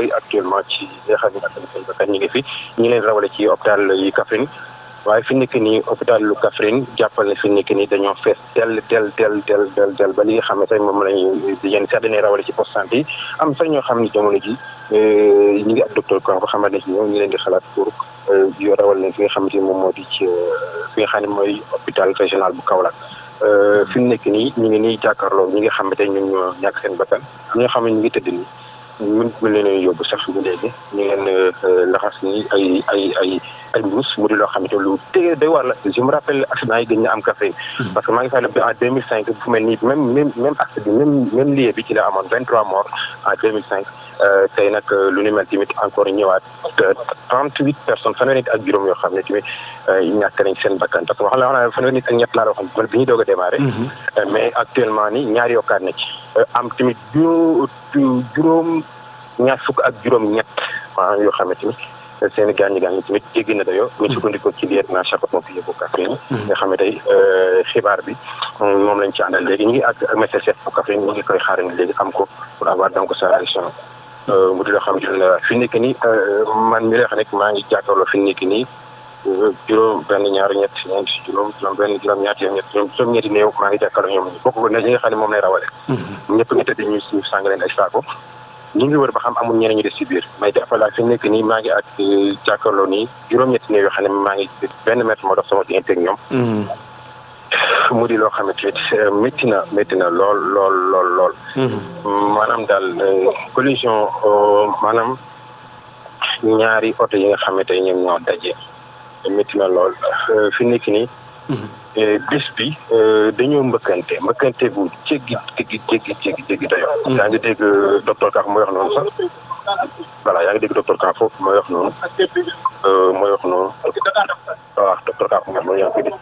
koy actuellement ci fi ñi leen rawale ci hôpital yu Kaffrine waaye fi nekk nii hôpital lu Kaffrine jàppal ne fi nekk nii dañoo fees del del del del ba li nga xam ne sax moom lañuy yéen sax dañuy rawale ci poste santé yi am sax ñoo xam ne jamono ji euh, ñu ngi ak docteur Kouakou euh, xamante ne si ñoom ni moom moo di ci euh, fi nga xam ne mooy hôpital régional fi mu nekk nii ñu ngi nii jàkkaarloo ñi nga xamante ne ñoom ñoo ñàkk seen bakkan ñi nga xam ne ñu ngi tëdd nii. ñun mën na sax bu léegi ñu leen euh, laxas ni ay mbuus mu di loo xam ne lu tege day war la je me rappelle accident yi gën na am Kaffrine mhm. parce que maa ngi fàttali en 2005 fu mel nii même même même accident même même bi ci la amoon 23 morts en 2005 euh, tey nag euh, lu ni mel tamit encore ñëwaat 38 personnes fanweeri nit ak juróom yoo xam ne tamit ñàkk nañ seen bakkan parce que wax la ni mhm. ñaari yokkaat na ci am tamit juróom ñaat fukk ak juróom-ñett maanaam yoo xam ne tamit seen i gaañu gaañu tamit jéggi na dayoo. bu ñu mm-hmm. sukkandikoo ci liy naa sapeurs-pompiers bu Kaffrine mm-hmm. nga xam ne tey euh, xibaar bi moom lañ ci àndal léegi ñu ngi ak ak MSF bu Kaffrine ñu ngi koy xaarandi léegi am ko pour avoir donc sa réaction. Euh, mu di loo xam ne euh, fi nekk nii man mi lay wax rek maa ngi jàkkaarloo fi nekk nii. juróom benn ñaar ñett ñeent juróom juróom benn juróom ñaar ñett ñoom juróom ñetti néew maa ngi jàkkaarloo ñoom bokk ko ne ñi nga xam ne moom lay rawale mm-hmm. ñëpp ngi tëdd ñu suuf leen ay saako ñu ngi wër ba xam amul ñeneen ñu de ci biir may dafa laa fi nekk nii maa ngi ak euh, jàkkaarloo nii juróom-ñetti néew yoo xam ne maa ngi benn mètre moo dox sama diggante ak ñoom mm-hmm. mu di loo xamante ni euh, métti na métti na lool lool lool lool mm-hmm. maanaam daal euh, collision maanaam ñaari oto yi nga xamante ne ñoom ñoo daje métti na lool fi nekk nii Euh, bis bi euh, dañoo mbëkkante mbëkkante bu jéggi jéggi jéggi jéggi jéggi dayoo. Mm. yaa ngi dégg euh, docteur Ka mooy wax noonu sax voilà yaa ngi dégg docteur Ka foofu mooy wax noonu mooy wax noonu waaw docteur Ka mooy wax noonu yaa ngi koy